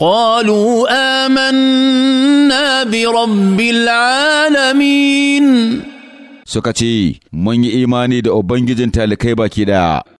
قالوا آمنا برب العالمين سكتي من إيماني دو بنجي جنتالي كيبا